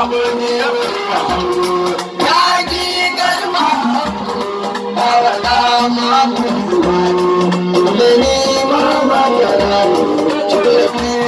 I'm gonna Thank you.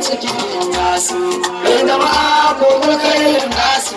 cikin nasu, mai ma'a ko kogon karin nasu.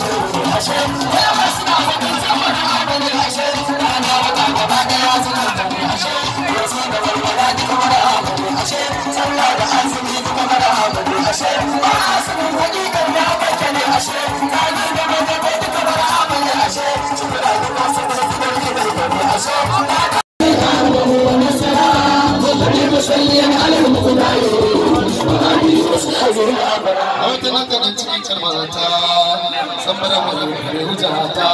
ashe ba a sanin hakikar ya bayyana ashe ta da kankan cikin carmarata sambaran wani hujjata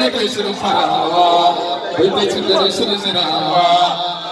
ne kai shirin farawa bai bai cikin shirin zinawa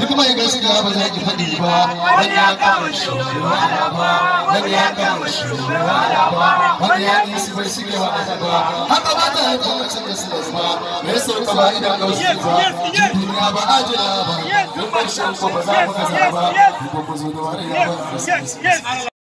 duk mai gaskiya ba zai ki faɗi ba wani ya kama shi shugaba ba wani ya kama shi shugaba ba wani ya yi su bai shige wa ba haka ba ta yi kawacin da su da zuwa mai sauka ba idan kausu ba duniya ba ajiyar ba duk mai shan ko ba za mu kasa ba duk ba ku zo da wani ya ba